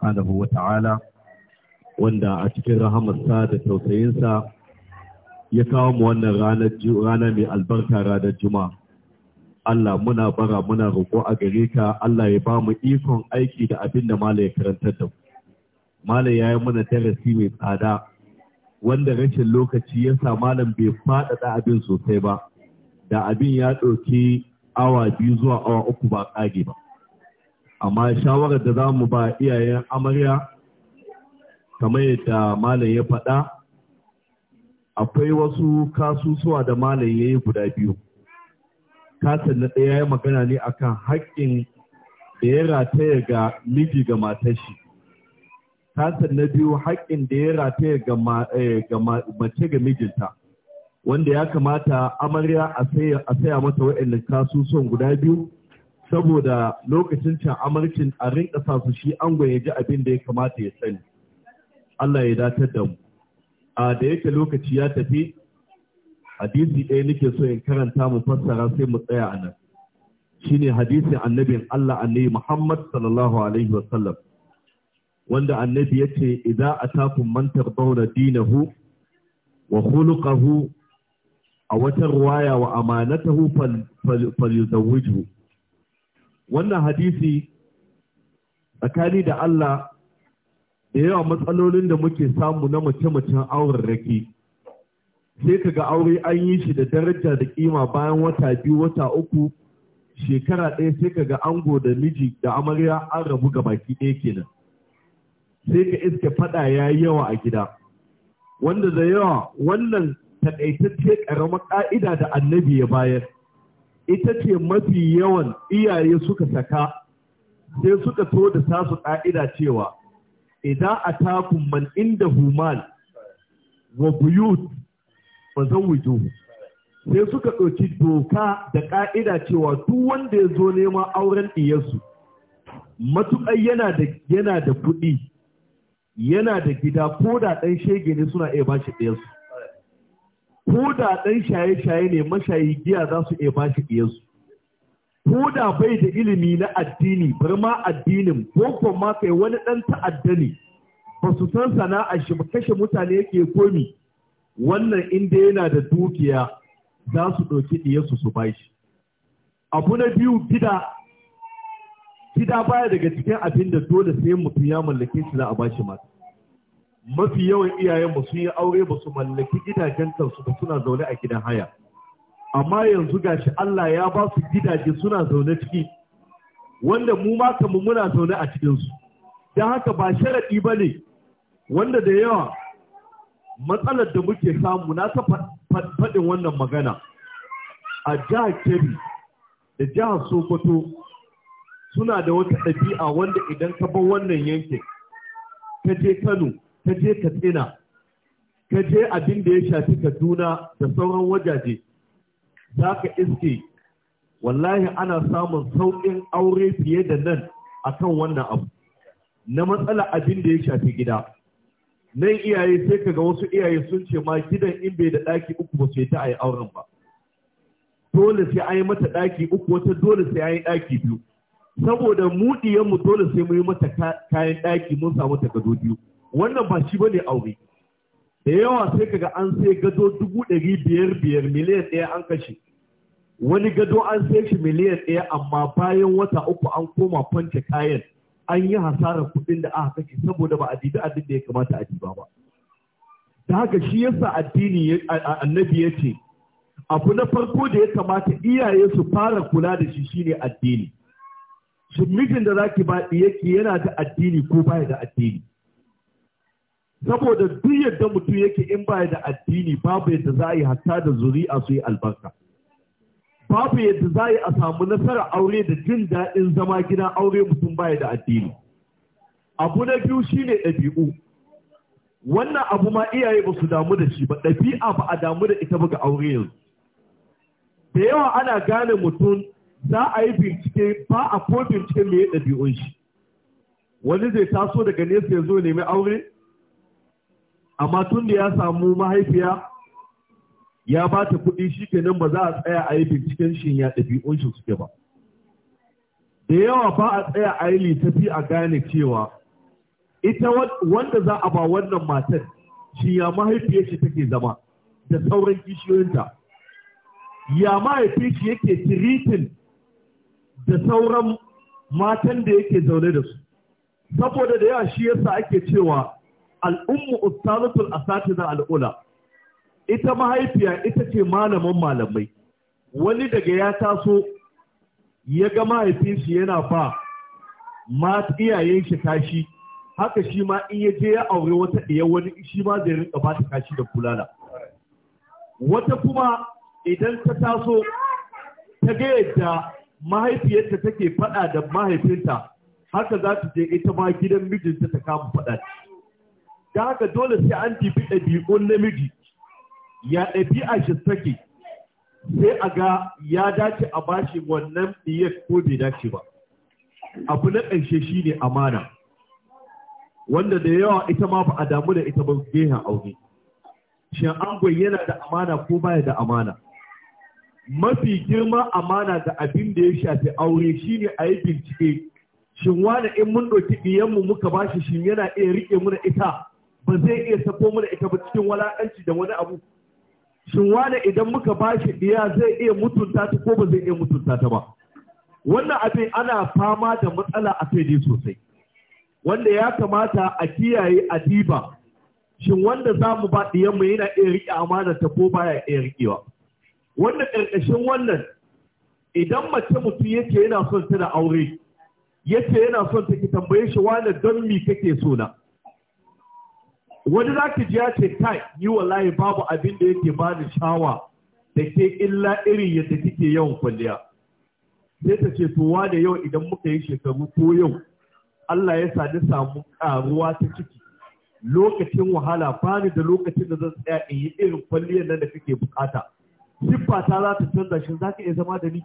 subhanahu wa ta'ala wanda a cikin rahamarsa da tausayinsa ya kawo mu wannan rana mai albarka ranar juma'a Allah muna bara muna roƙo a gare ka Allah ya ba mu ikon aiki da abin da Malam ya karantar da Malai Malam ya yi mana darasi mai tsada wanda rashin lokaci ya sa Malam bai faɗaɗa abin sosai ba, da abin ya ɗauki awa biyu zuwa awa uku ba ƙage ba. amma shawarar da za mu ba iyayen amarya kamar yadda malam ya faɗa akwai wasu kasusuwa da malam ya yi guda biyu kasar na ɗaya ya magana ne akan haƙƙin da ya rataya ga miji ga matar shi kasar na biyu haƙƙin da ya rataya ga eh, mace ga mijinta wanda ya kamata amarya a saya mata waɗannan kasusuwan guda biyu saboda lokacin can amarcin a rinka sa su shi an ya ji abin da ya kamata ya sani Allah ya datar da mu a da yake lokaci ya tafi hadisi ɗaya nake so in karanta mu fassara sai mu tsaya a nan shine hadisin annabin Allah annabi Muhammad sallallahu alaihi wa sallam wanda annabi yace idza atakum man tardawna dinahu wa khuluquhu a wata ruwaya wa amanatahu fal, wannan hadisi tsakani da Allah da yawa matsalolin da muke samu na mace-macen auren rake sai ka ga aure an yi shi da daraja da kima bayan wata biyu wata uku shekara ɗaya sai ka ga ango da miji da amarya an rabu ga baki ɗaya kenan sai ka iske faɗa ya yi yawa a gida wanda da yawa wannan taƙaitacce ƙaramar ƙa'ida da annabi ya bayar ita ce mafi yawan iyaye suka saka sai suka to da tasu ƙa'ida cewa idan a takun man inda human wa buyut ba zan wujo sai suka ɗauki doka da ƙa'ida cewa duk wanda ya zo neman auren ɗiyarsu matuƙar yana da yana da kuɗi yana da gida ko da ɗan shege ne suna iya ba shi ɗiyarsu ko da ɗan shaye-shaye ne mashayi giya za su iya bashi ɗiyarsu ko da bai da ilimi na addini bar ma addinin ko ma kai wani ɗan ta'adda ne ba su san sana'a shi ba kashe mutane yake komi wannan inda yana da dukiya za su ɗauki ɗiyarsu su bashi abu na biyu gida gida baya daga cikin abin da dole sai mutum ya mallake shi za a bashi mata mafi yawan iyayenmu sun yi aure ba su mallaki gidajen kansu ba suna zaune a gidan haya amma yanzu gashi Allah ya ba su gidaje suna zaune ciki wanda mu ma kamu muna zaune a cikin su dan haka ba sharaɗi ba wanda da yawa matsalar da muke samu na ta faɗin wannan magana a jihar kebbi da jihar sokoto suna da wata ɗabi'a wanda idan ka bar wannan yankin ka je kano ka je ka tsina, ka je abin da ya shafi kaduna da sauran wajaje za ka iske wallahi ana samun sauƙin aure fiye da nan akan wannan abu na matsala abin da ya shafi gida nan iyaye sai kaga wasu iyaye sun ce ma gidan in bai da ɗaki uku ba sai ta a yi auren ba dole sai a yi mata ɗaki uku wata dole sai a yi ɗaki biyu saboda mu mu dole sai mu yi mata kayan ɗaki mun samu takardu biyu wannan ba shi bane aure da yawa sai kaga an sai gado dubu ɗari biyar biyar miliyan ɗaya an kashe wani gado an sai shi miliyan ɗaya amma bayan wata uku an koma kwance kayan an yi hasarar kuɗin da aka kashe saboda ba a dibi abin da ya kamata a diba ba ta haka shi yasa addini annabi ya ce abu na farko da ya kamata iyaye su fara kula da shi shine addini shin mijin da zaki ba ɗiyaki yana da addini ko baya da addini saboda duk yadda mutum yake in baya da addini babu yadda za a yi hatta da zuri'a su yi albarka babu yadda za a yi a samu nasarar aure da jin daɗin zama gina aure mutum baya da addini abu na biyu shine ɗabi'u wannan abu ma iyaye ba su damu da shi ba ɗabi'a ba a damu da ita ba ga aure yanzu da yawa ana gane mutum za a yi bincike ba a ko bincike mai ɗabi'un shi wani zai taso daga nesa ya zo nemi aure amma tun da ya samu mahaifiya ya ba ta kuɗi shi kenan ba za a tsaya a yi binciken shi ya ɗabi'un shi suke ba da yawa ba a tsaya a yi littafi a gane cewa ita wanda za a ba wannan matar shi ya mahaifiyar shi take zama da sauran kishiyoyinta ya mahaifi shi yake tiritin da sauran matan da yake zaune da su saboda da yawa shi yasa ake cewa al'ummu ustazatul asatiza al'ula ita mahaifiya ita ce malaman malamai wani daga ya taso ya ga mahaifinsu yana ba ma iyayen shi kashi haka shi ma in ya je ya aure wata ɗaya wani shi ma zai rinka ba ta kashi da bulala wata kuma idan ta taso ta ga yadda mahaifiyarta take faɗa da mahaifinta haka za ta je ita ma gidan mijinta ta kama faɗa da haka dole sai an tafi ɗabi'un namiji ya ɗabi'a shi take sai a ga ya dace a bashi wannan ɗiyar ko bai dace ba abu na ƙarshe shi ne amana wanda da yawa ita ma ba a damu da ita ba gehen aure shin an yana da amana ko baya da amana mafi girma amana ga abin da ya shafi aure shi ne a yi bincike shin wane in mun ɗauki ɗiyanmu muka bashi shin yana iya riƙe muna ita ba zai iya sako mana ita ba cikin walakanci da wani abu shin wane idan muka ba shi diya zai iya mutunta ta ko ba zai iya mutunta ta ba wannan abin ana fama da matsala a kai sosai wanda ya kamata a kiyaye adiba shin wanda za mu ba mu yana iya riƙe amana ta ko baya iya riƙewa wanda ƙarƙashin wannan idan mace mutum yake yana son ta da aure yace yana son ta ki tambaye shi wane don mi kake so na wani za ki ji ya ce yi wa layi babu abin da yake ba da shawa da ke illa irin yadda kike yawan kwalliya sai ta ce to da yau idan muka yi shekaru ko yau Allah ya sani samu karuwa ta ciki lokacin wahala bani da lokacin da zan tsaya in yi irin kwalliyar nan da kake bukata siffa ta za ta canza shi za ka iya zama da ni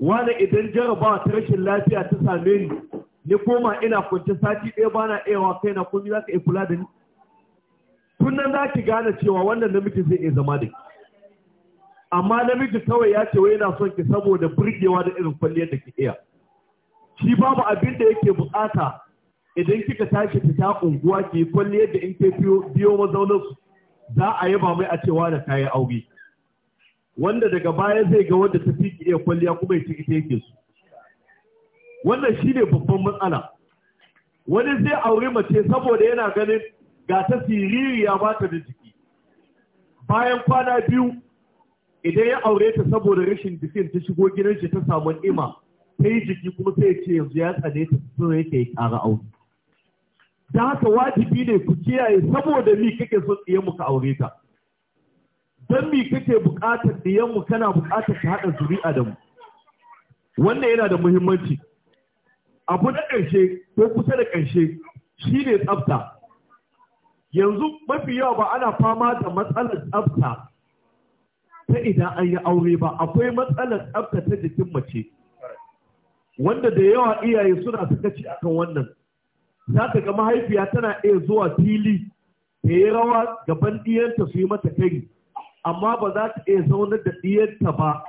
wani idan jarabawa ta rashin lafiya ta same ni ni koma ina kwanci sati ɗaya bana na iya wa kai na komi za ka iya kula da ni tun nan za ki gane cewa wannan namiji zai iya zama da ki amma namiji kawai ya ce wai yana son ki saboda burgewa da irin kwalliyar da ki iya shi babu abin da yake bukata idan kika tashi ta unguwa ki kwalliyar da in ke biyo mazaunin su za a yaba mai a cewa da kayan aure wanda daga baya zai ga wanda ta fi iya kwalliya kuma ya ci ita yake su wannan shi ne babban matsala wani zai aure mace saboda yana ganin ga ta siririya ba ta da jiki bayan kwana biyu idan ya aure ta saboda rashin jikin ta shigo gidan shi ta samu ima, ta yi jiki kuma sai ce yanzu ya tsane ta sun yake ya ƙara aure ta haka wajibi ne ku kiyaye saboda mi kake son ɗiyan mu ka aure ta don mi kake buƙatar ɗiyan mu kana buƙatar ta haɗa zuri'a da mu wannan yana da muhimmanci abu na ƙarshe ko kusa da ƙarshe shi ne tsafta yanzu mafi yawa ba ana fama da matsalar tsafta ta idan an yi aure ba akwai matsalar tsafta ta jikin mace wanda da yawa iyaye suna sakaci akan wannan za ta ga mahaifiya tana iya zuwa fili ta yi rawa gaban ɗiyanta su yi mata kari amma ba za ta iya zaunar da ɗiyanta ba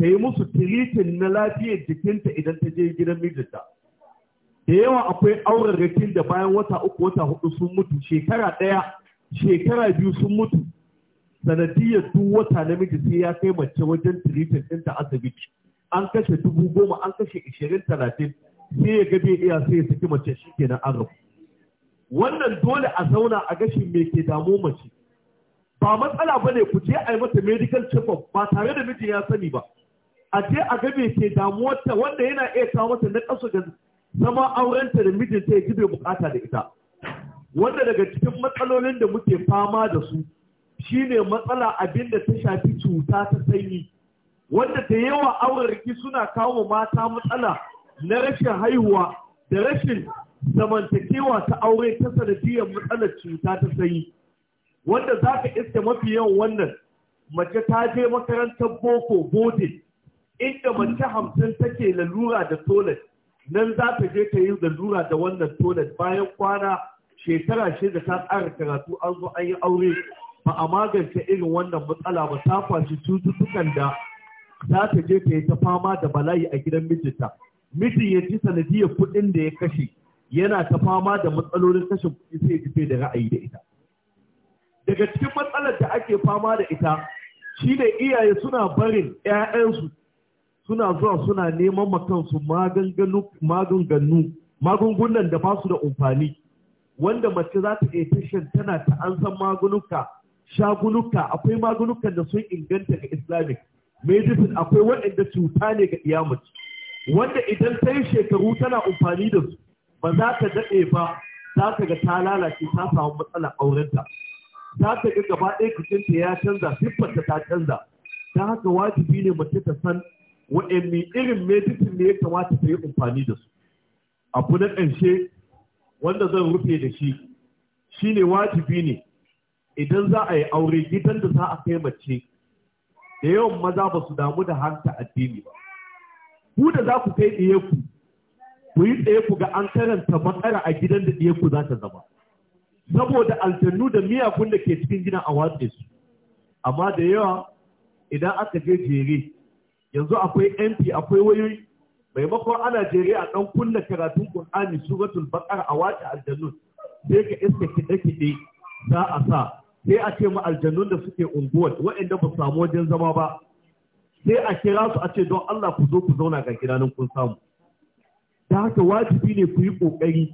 ta yi musu tiritin na lafiyar jikinta idan ta je gidan mijinta. da yawa akwai auren aurarrakin da bayan wata uku wata hudu sun mutu shekara ɗaya shekara biyu sun mutu sanadiyar duk wata namiji sai ya kai mace wajen tiritin da asibiti an kashe dubu goma an kashe ishirin talatin sai ya gabe iya sai ya saki mace shi ke nan rabu wannan dole a zauna a gashin me ke damu mace ba matsala ba ne ku je a yi mata medical check-up ba tare da mijin ya sani ba a je a ga me ke damuwarta wanda yana iya kawo mata na ƙasa zama aurenta da mijinta ya ji bai bukata da ita wanda daga cikin matsalolin da muke fama da su shine matsala abin da ta shafi cuta ta sanyi wanda ta yawa aurarki suna kawo mata matsala na rashin haihuwa da rashin zamantakewa ta aure ta sanadiyar matsalar cuta ta sanyi wanda za ka iske mafi yawan wannan mace ta je makarantar boko bodin inda mace hamsin take lalura da tolet nan za ta je ta yi lura da wannan toilet bayan kwana shekara da ta tsara karatu an zo an yi aure ba a magance irin wannan matsala ba ta kwashi cututtukan da za ta je ta yi ta fama da bala'i a gidan mijinta mijin ya ci sanadiyar kuɗin da ya kashe yana ta fama da matsalolin kashe kuɗi sai ya da ra'ayi da ita daga cikin matsalar da ake fama da ita shi ne iyaye suna barin 'ya'yansu suna zuwa suna neman makansu maganganu magungunan da ba su da umfani. wanda mace za ta iya tashin tana ta an san magunuka shagunuka akwai magunukan da sun inganta ga islamic medicine akwai waɗanda cuta ne ga iyamaci wanda idan ta yi shekaru tana amfani da su ba za ta daɗe ba za ta ga ta lalace ta samu matsala aurenta za ta ga gaba ɗaya jikinta ya canza siffarta ta canza Ta haka wajibi ne mace ta san wa'anne irin medicine ne ya kamata ta yi amfani da su abu na ƙanshe wanda zan rufe da shi shine wajibi ne idan za a yi aure gidan da za a kai mace da yawan maza ba su damu da hanta addini ba ku da za ku kai ɗiye ku yi tsaye ku ga an karanta matsala a gidan da ɗiye za ta zama saboda aljannu da miyagun da ke cikin gidan a watsa su amma da yawa idan aka je jere yanzu akwai MP akwai wayoyi maimakon a Najeriya a ɗan kunna karatun Kur'ani suratul Baqara a wace aljannun sai ka iska kiɗe-kiɗe za a sa sai a ce ma aljannun da suke unguwar waɗanda ba samu wajen zama ba sai a kira su a ce don Allah ku zo ku zauna ga gidanin kun samu da haka wajibi ne ku yi ƙoƙari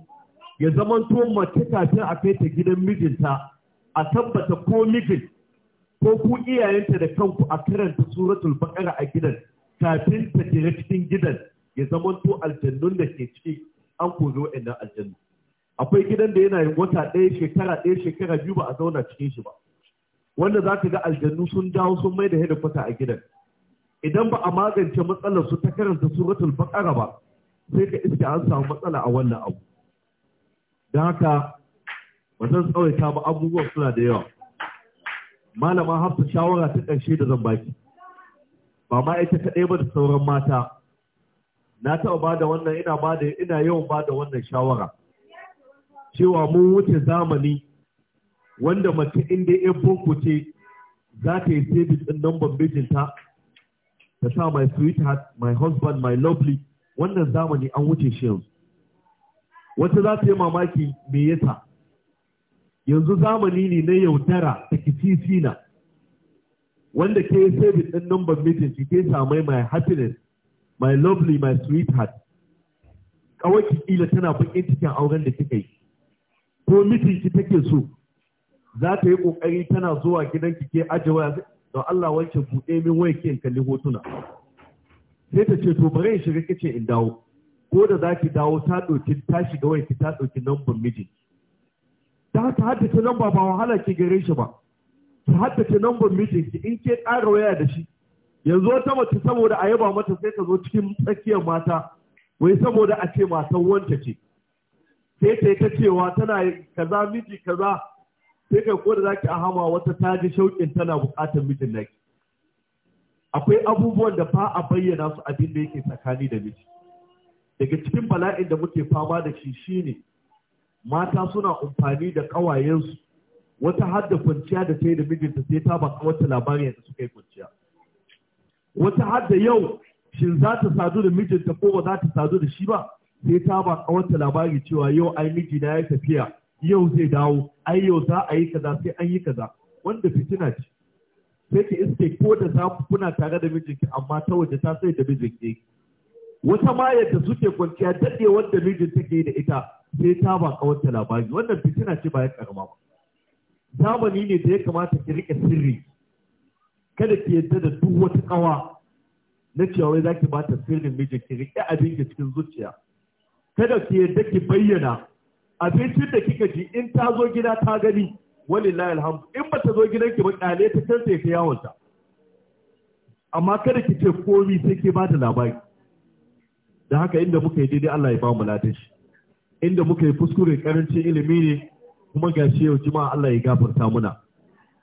ya zamanto mace kafin a kai ta gidan mijinta a tabbata ko mijin ko ku iyayenta da kanku a karanta suratul baqara a gidan kafin ta jira cikin gidan ya to aljannun da ke ciki an zo ina aljannu akwai gidan da yana yin wata ɗaya shekara ɗaya shekara biyu ba a zauna cikin shi ba wanda za ka ga aljannu sun dawo sun mai da kwata a gidan idan ba a magance matsalar su ta karanta suratul baqara ba sai ka iske an samu matsala a wannan abu don haka ba zan tsawaita ba abubuwan suna da yawa malama hafsa shawara ta ƙarshe da zan baki ba ma ita kaɗai ba da sauran mata na taɓa ba da wannan ina ba da ina yawan ba da wannan shawara cewa mun wuce zamani wanda mace inda ya boko ce za ta yi sabis ɗin namban mijinta ta sa my sweetheart my husband my lovely wannan zamani an wuce shi yanzu wata za ta yi mamaki me yasa yanzu zamani ne na yautara da kisisina wanda ke sai ɗin number meeting shi ke samai my happiness my lovely my sweetheart kawai kila tana bakin cikin auren da kika yi ko meeting ki take so za ta yi kokari tana zuwa gidan ki ke aje Allah wancan buɗe min wai ke kalli hotuna sai ta ce to bari in shiga kace in dawo ko da za ki dawo ta ɗauki ta shiga wai ki ta ɗauki number mijinki da haka haddace lamba ba wahala ke gare shi ba ki haddace lambar ki in ke ƙara waya da shi yanzu wata mace saboda a yaba mata sai ka zo cikin tsakiyar mata wai saboda a ce matan wanta ce sai ta ta cewa tana kaza miji kaza sai ka ko da ki a hama wata ta ji shauƙin tana buƙatar mijin na naki akwai abubuwan da ba a bayyana su abin da yake tsakani da miji daga cikin bala'in da muke fama da shi shine mata suna amfani da ƙawayensu wata har da kwanciya da ta yi da mijinta sai ta ba wata labari yadda suka yi kwanciya wata har da yau shin za ta sadu da mijinta ko ba za ta sadu da shi ba sai ta ba wata labari cewa yau ai mijina ya tafiya yau zai dawo ai yau za a yi kaza sai an yi kaza wanda fitina ce sai ki iske ko da za ku kuna tare da mijinki amma ta waje ta sai da mijinki wata ma yadda suke kwanciya daɗe wanda mijinta ke da ita sai ta ba kawanta labari wannan fitina ce ba ya karama ba zamani ne da ya kamata ki rike sirri kada ki yadda da duk wata kawa na cewa wai zaki ba ta sirrin mijin ki rike abin ki cikin zuciya kada ki yadda ki bayyana abincin da kika ji in ta zo gida ta gani walillahi alhamdu in ba ta zo gidan ki ba kyale ta kanta ya yawon ta amma kada ki ce komi sai ke ba da labari da haka inda muka yi daidai Allah ya ba mu ladan shi inda muka yi fuskure karancin ilimi ne kuma gashi yau jima'a Allah ya gafarta muna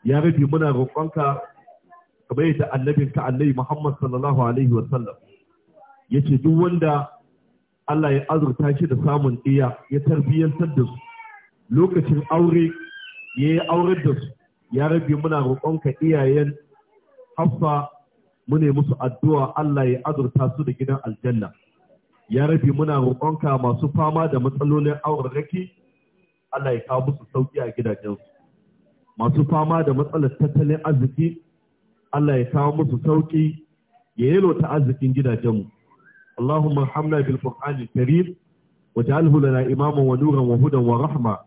ya rabi muna roƙonka kamar yadda ka annabi Muhammad sallallahu alaihi wa sallam yace duk wanda Allah ya azurta shi da samun iya ya tarbiyantar da su lokacin aure ya yi aure da su ya rabi muna roƙonka iyayen hafsa mu ne musu addu'a Allah ya azurta su da gidan aljanna ya rabi muna roƙonka masu fama da matsalolin aurareki Allah ya kawo musu sauƙi a gidajensu masu fama da matsalar tattalin arziki Allah ya kawo musu sauƙi ya yalota arzikin gidajenmu Allahumma hamna bil Qur'anil Karim waj'alhu lana imaman wa nuran wa hudan wa rahma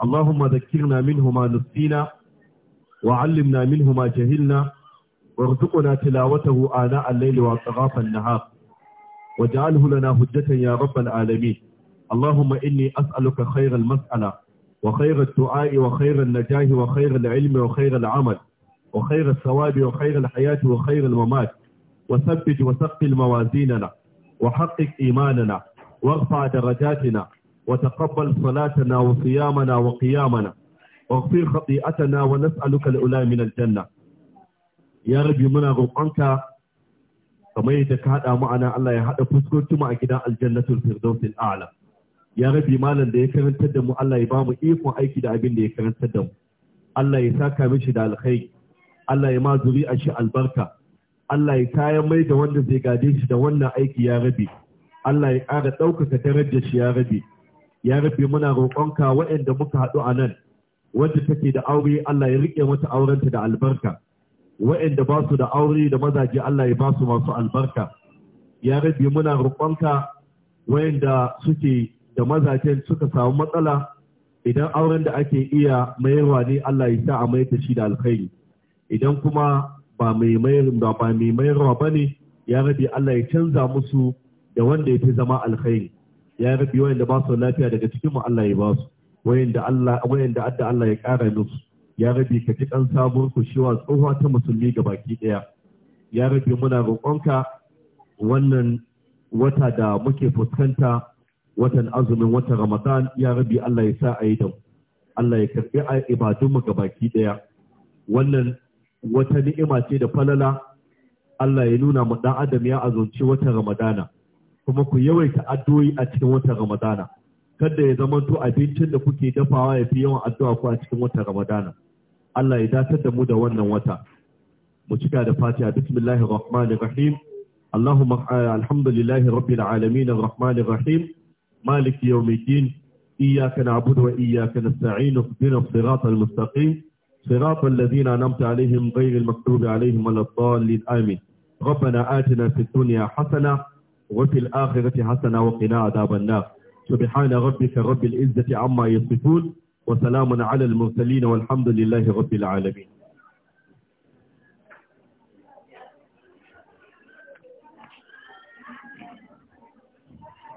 Allahumma dhakkirna minhu ma Nusina wa 'allimna minhu ma jahilna warzuqna tilawatahu ana al-layli wa atrafan nahar واجعله لنا حجة يا رب العالمين اللهم إني أسألك خير المسألة وخير الدعاء وخير النجاح وخير العلم وخير العمل وخير الثواب وخير الحياة وخير الممات وثبت وثقل موازيننا وحقق إيماننا وارفع درجاتنا وتقبل صلاتنا وصيامنا وقيامنا واغفر خطيئتنا ونسألك الأولى من الجنة يا رب منا روقانك kamar yadda ka haɗa mu anan Allah ya haɗa fuskokin mu a gidan aljannatul firdausil a'la ya rabi malam da ya karantar da mu Allah ya ba mu ikon aiki da abin da ya karantar da mu Allah ya saka mishi da alkhairi Allah ya ma a shi albarka Allah ya kayan mai da wanda zai gade shi da wannan aiki ya rabi Allah ya ƙara ɗaukaka darajar shi ya rabi ya rabi muna roƙonka waɗanda muka haɗu a nan wanda take da aure Allah ya riƙe mata aurenta da albarka wa'anda ba su da aure da mazaje Allah ya ba su masu albarka ya rabi muna roƙonka wa'anda suke da mazajen suka samu matsala idan auren da ake iya mayarwa ne Allah ya sa a mai ta shi da alkhairi idan kuma ba mai da ba mai mayarwa bane ya rabi Allah ya canza musu da wanda ya fi zama alkhairi ya rabi wayanda ba su lafiya daga cikin mu Allah ya ba su wayanda Allah wayanda Allah ya ƙara musu ya rabi ka ji ɗan sabuwar kushewa tsohuwa ta musulmi ga baki ɗaya ya rabi muna roƙonka wannan wata da muke fuskanta watan azumin watan ramadan ya rabi Allah ya sa a yi Allah ya karɓi a ibadunmu ga baki ɗaya wannan wata ni'ima ce da falala Allah ya nuna mu ɗan adam ya azunci watan ramadana kuma ku yawaita addu'o'i a cikin watan ramadana kada ya zamanto abincin da kuke dafawa ya fi yawan addu'a ku a cikin watan Ramadana. Allah ya datar da mu da wannan wata mu cika da fatiha bismillahir rahmanir rahim allahumma eh, alhamdulillahi rabbil alamin arrahmanir rahim مالك يوم الدين إياك نعبد وإياك نستعين اهدنا الصراط المستقيم صراط الذين أنعمت عليهم غير المكتوب عليهم ولا الضالين آمين ربنا آتنا في الدنيا حسنة وفي الآخرة حسنة وقنا عذاب النار سبحان ربك رب العزة عما يصفون wa salamun ala mursalina mursalin walhamdulillahi rabbil alamin